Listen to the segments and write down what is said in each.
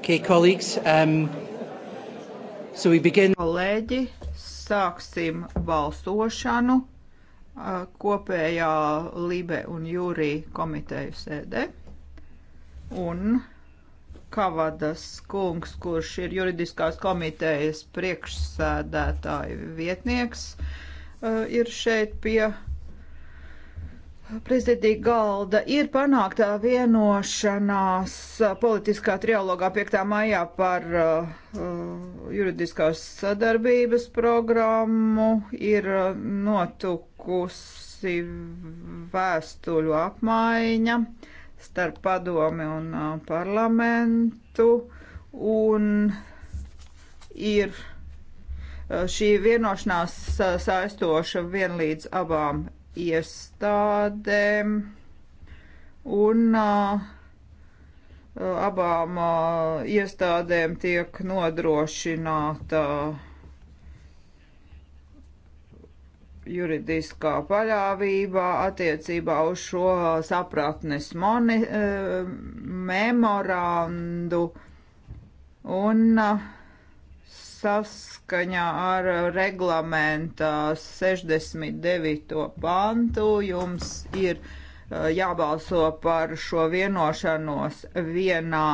Okay, colleagues, um, so we begin... Kolēģi, sāksim balsošanu uh, kopējā Libe un Jūrī komiteju sēdē. Un Kavadas kungs, kurš ir juridiskās komitejas priekšsēdētāju vietnieks, uh, ir šeit pie prezidentija galda ir panāktā vienošanās politiskā trialogā 5. maijā par uh, juridiskās sadarbības programmu, ir uh, notukusi vēstuļu apmaiņa starp padomi un uh, parlamentu, un ir uh, šī vienošanās uh, saistoša vienlīdz abām iestādēm un uh, abām uh, iestādēm tiek nodrošināta juridiskā paļāvībā attiecībā uz šo sapratnes moni, uh, memorandu un uh, saskaņā ar reglamentā 69. pantu jums ir uh, jābalso par šo vienošanos vienā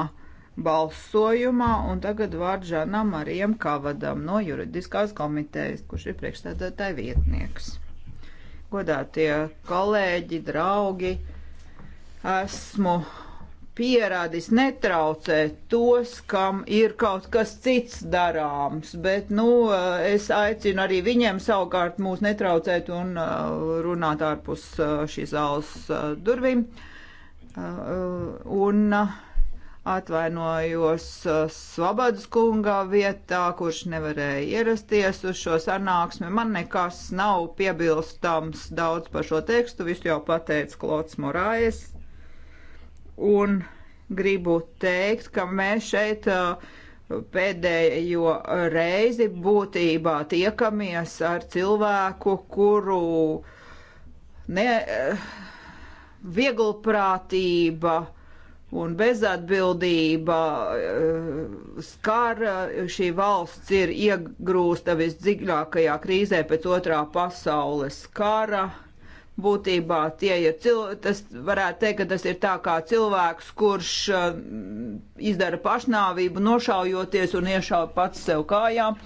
balsojumā, un tagad vārds Žanam Marijam Kavadam no juridiskās komitejas, kurš ir priekšstādātāja vietnieks. Godātie kolēģi, draugi, esmu pierādis netraucē tos, kam ir kaut kas cits darāms, bet, nu, eh, es aicinu arī viņiem savukārt mūs netraucēt un eh, runāt ārpus eh, šīs zāles durvīm. Un atvainojos Svabadas kungā vietā, kurš nevarēja ierasties uz šo sanāksmi. Man nekas nav piebilstams daudz par šo tekstu, visu jau pateica Klots Morājas Un gribu teikt, ka mēs šeit uh, pēdējo reizi būtībā tiekamies ar cilvēku, kuru ne, eh, vieglprātība un bezatbildība eh, skar eh, šī valsts ir iegrūsta visdziļākajā krīzē pēc otrā pasaules kara būtībā tie ir cilvēki, tas varētu teikt, ka tas ir tā kā cilvēks, kurš uh, izdara pašnāvību, nošaujoties un iešauj pats sev kājām.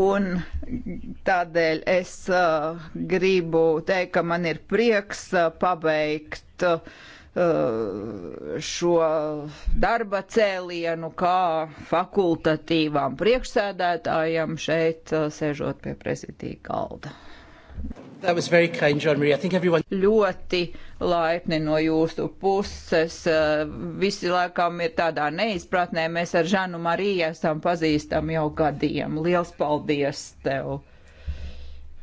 Un tādēļ es uh, gribu teikt, ka man ir prieks uh, pabeigt uh, šo darba cēlienu kā fakultatīvām priekšsēdētājam šeit uh, sēžot pie prezidija galda. Kind, everyone... Ļoti laipni no jūsu puses. Visi laikam ir tādā neizpratnē. Mēs ar Žanu Mariju esam pazīstami jau gadiem. Liels paldies tev!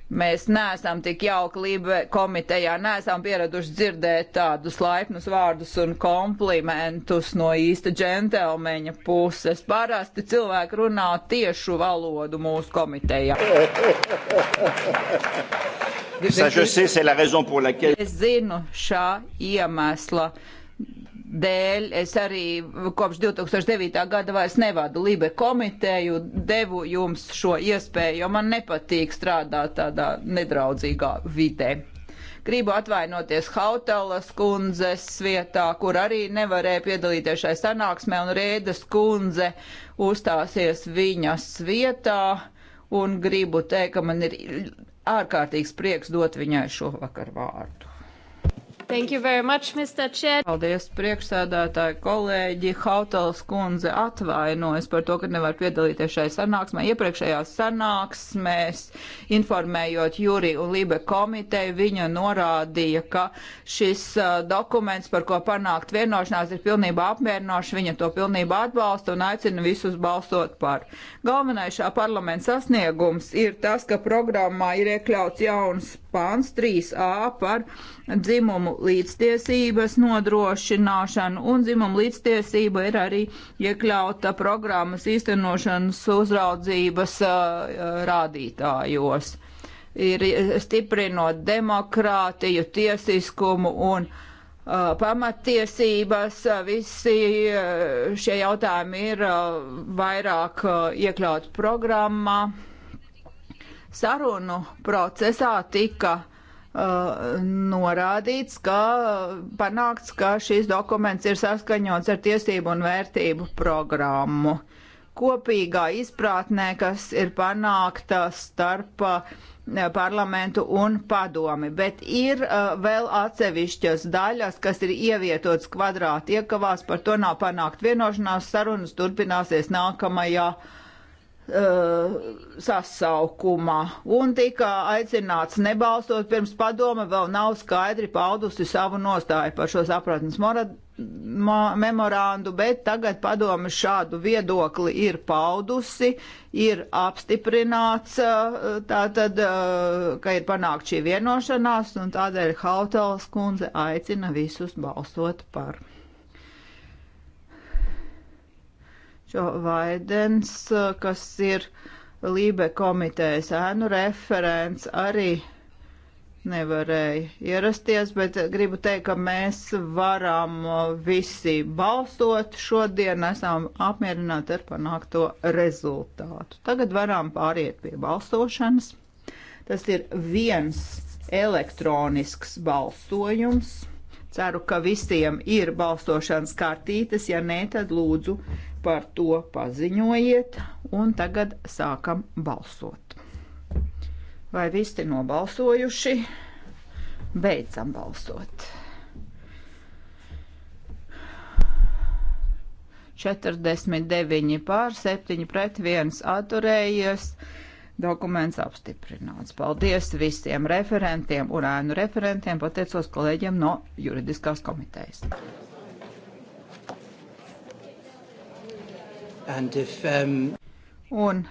Mēs neesam tik jauki Lībe komitejā, neesam pieraduši dzirdēt tādus laipnus vārdus un komplimentus no īsta džentelmeņa puses. Parasti cilvēki runā tiešu valodu mūsu komitejā. Es zinu šā iemesla dēļ es arī kopš 2009. gada vairs nevadu Libe komiteju, devu jums šo iespēju, jo man nepatīk strādāt tādā nedraudzīgā vidē. Gribu atvainoties Hautelas kundzes vietā, kur arī nevarēja piedalīties šai sanāksmē, un Rēdas kundze uzstāsies viņas vietā, un gribu teikt, ka man ir ārkārtīgs prieks dot viņai šo vakar vārdu. Thank you very much, Mr. Chair. Paldies, priekšsēdētāji, kolēģi. Hautals kundze atvainojas par to, ka nevar piedalīties šai sanāksmē. Iepriekšējās sanāksmēs, informējot Juri un Libe komiteju, viņa norādīja, ka šis uh, dokuments, par ko panākt vienošanās, ir pilnībā apmierinošs. Viņa to pilnībā atbalsta un aicina visus balsot par. Galvenais šā parlamenta sasniegums ir tas, ka programmā ir iekļauts jauns pāns 3a par dzimumu līdztiesības nodrošināšanu, un dzimumu līdztiesība ir arī iekļauta programmas īstenošanas uzraudzības uh, rādītājos. Ir stiprinot demokrātiju, tiesiskumu un uh, pamatiesības, visi šie jautājumi ir vairāk iekļauti programmā. Sarunu procesā tika Uh, norādīts, ka panākts, ka šis dokuments ir saskaņots ar tiesību un vērtību programmu. Kopīgā izpratnē, kas ir panākta starp uh, parlamentu un padomi, bet ir uh, vēl atsevišķas daļas, kas ir ievietotas kvadrāti iekavās, par to nav panākt vienošanās, sarunas turpināsies nākamajā uh, Eh, sasaukumā un tika aicināts nebalstot pirms padoma vēl nav skaidri paudusi savu nostāju par šo sapratnes memorandu, bet tagad padome šādu viedokli ir paudusi, ir apstiprināts, eh, tātad, eh, ka ir panākt šī vienošanās un tādēļ Hautals kundze aicina visus balsot par. šo Vaidens, kas ir Lībe komitejas ēnu referents, arī nevarēja ierasties, bet gribu teikt, ka mēs varam visi balsot šodien, esam apmierināti ar panākto rezultātu. Tagad varam pāriet pie balsošanas. Tas ir viens elektronisks balsojums. Ceru, ka visiem ir balsošanas kartītes, ja nē, tad lūdzu par to paziņojiet, un tagad sākam balsot. Vai visi nobalsojuši? Beidzam balsot. 49 pār 7 pret 1 atturējies. Dokuments apstiprināts. Paldies visiem referentiem un ēnu referentiem. Pateicos kolēģiem no juridiskās komitejas. If, um... Un,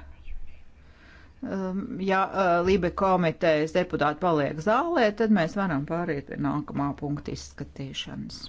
um, ja uh, Lībe komitejas deputāti paliek zālē, tad mēs varam pāriet pie nākamā punkta izskatīšanas.